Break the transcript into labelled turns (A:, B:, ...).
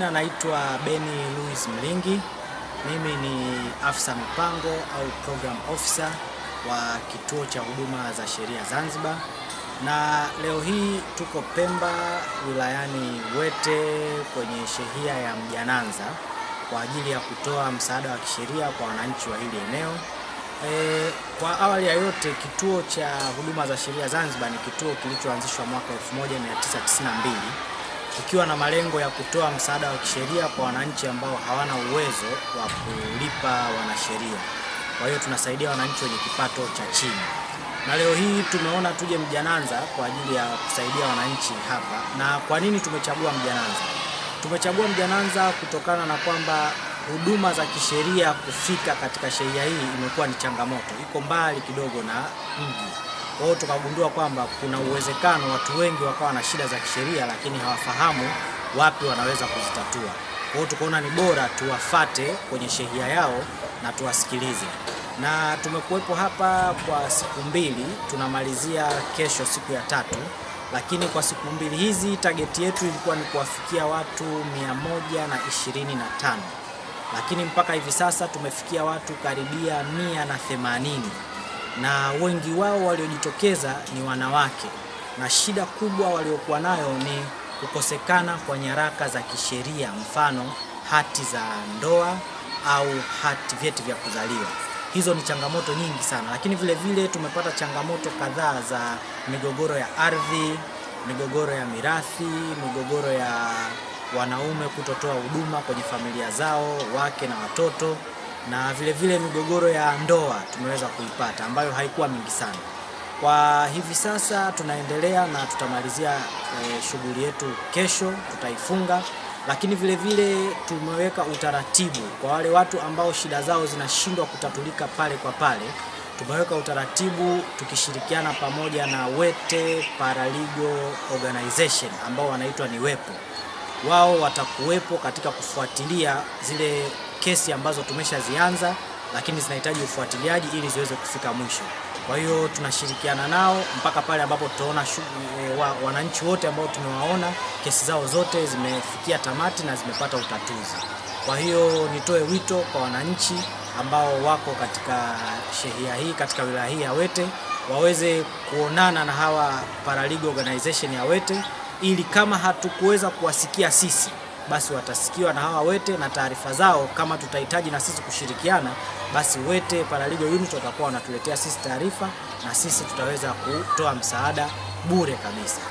A: Majina naitwa Beni Louis Mlingi. Mimi ni afisa mipango au program officer wa kituo cha huduma za sheria Zanzibar, na leo hii tuko Pemba wilayani Wete kwenye shehia ya Mjananza kwa ajili ya kutoa msaada wa kisheria kwa wananchi wa hili eneo. E, kwa awali ya yote kituo cha huduma za sheria Zanzibar ni kituo kilichoanzishwa mwaka 1992 ukiwa na malengo ya kutoa msaada wa kisheria kwa wananchi ambao hawana uwezo wa kulipa wanasheria. Kwa hiyo tunasaidia wananchi wenye kipato cha chini, na leo hii tumeona tuje Mjananza kwa ajili ya kusaidia wananchi hapa. Na kwa nini tumechagua Mjananza? Tumechagua Mjananza kutokana na kwamba huduma za kisheria kufika katika sheria hii imekuwa ni changamoto, iko mbali kidogo na mji kwa hiyo tukagundua kwamba kuna uwezekano watu wengi wakawa na shida za kisheria, lakini hawafahamu wapi wanaweza kuzitatua. Kwa hiyo tukaona ni bora tuwafate kwenye shehia yao na tuwasikilize, na tumekuwepo hapa kwa siku mbili, tunamalizia kesho siku ya tatu lakini kwa siku mbili hizi tageti yetu ilikuwa ni kuwafikia watu 125, lakini mpaka hivi sasa tumefikia watu karibia 180 na wengi wao waliojitokeza ni wanawake, na shida kubwa waliokuwa nayo ni kukosekana kwa nyaraka za kisheria, mfano hati za ndoa au hati vyeti vya kuzaliwa. Hizo ni changamoto nyingi sana, lakini vile vile tumepata changamoto kadhaa za migogoro ya ardhi, migogoro ya mirathi, migogoro ya wanaume kutotoa huduma kwenye familia zao, wake na watoto na vile vile migogoro ya ndoa tumeweza kuipata ambayo haikuwa mingi sana. Kwa hivi sasa tunaendelea na tutamalizia e, shughuli yetu kesho tutaifunga, lakini vile vile tumeweka utaratibu kwa wale watu ambao shida zao zinashindwa kutatulika pale kwa pale. Tumeweka utaratibu tukishirikiana pamoja na Wete Paralegal Organization ambao wanaitwa ni WEPO. Wao watakuwepo katika kufuatilia zile kesi ambazo tumeshazianza, lakini zinahitaji ufuatiliaji ili ziweze kufika mwisho. Kwa hiyo tunashirikiana nao mpaka pale ambapo tutaona e, wananchi wote ambao tumewaona kesi zao zote zimefikia tamati na zimepata utatuzi. Kwa hiyo nitoe wito kwa wananchi ambao wako katika shehia hii katika wilaya hii ya Wete waweze kuonana na hawa paralegal organization ya Wete ili kama hatukuweza kuwasikia sisi basi watasikiwa na hawa Wete na taarifa zao. Kama tutahitaji na sisi kushirikiana, basi Wete paralegal unit watakuwa wanatuletea sisi taarifa na sisi tutaweza kutoa msaada bure kabisa.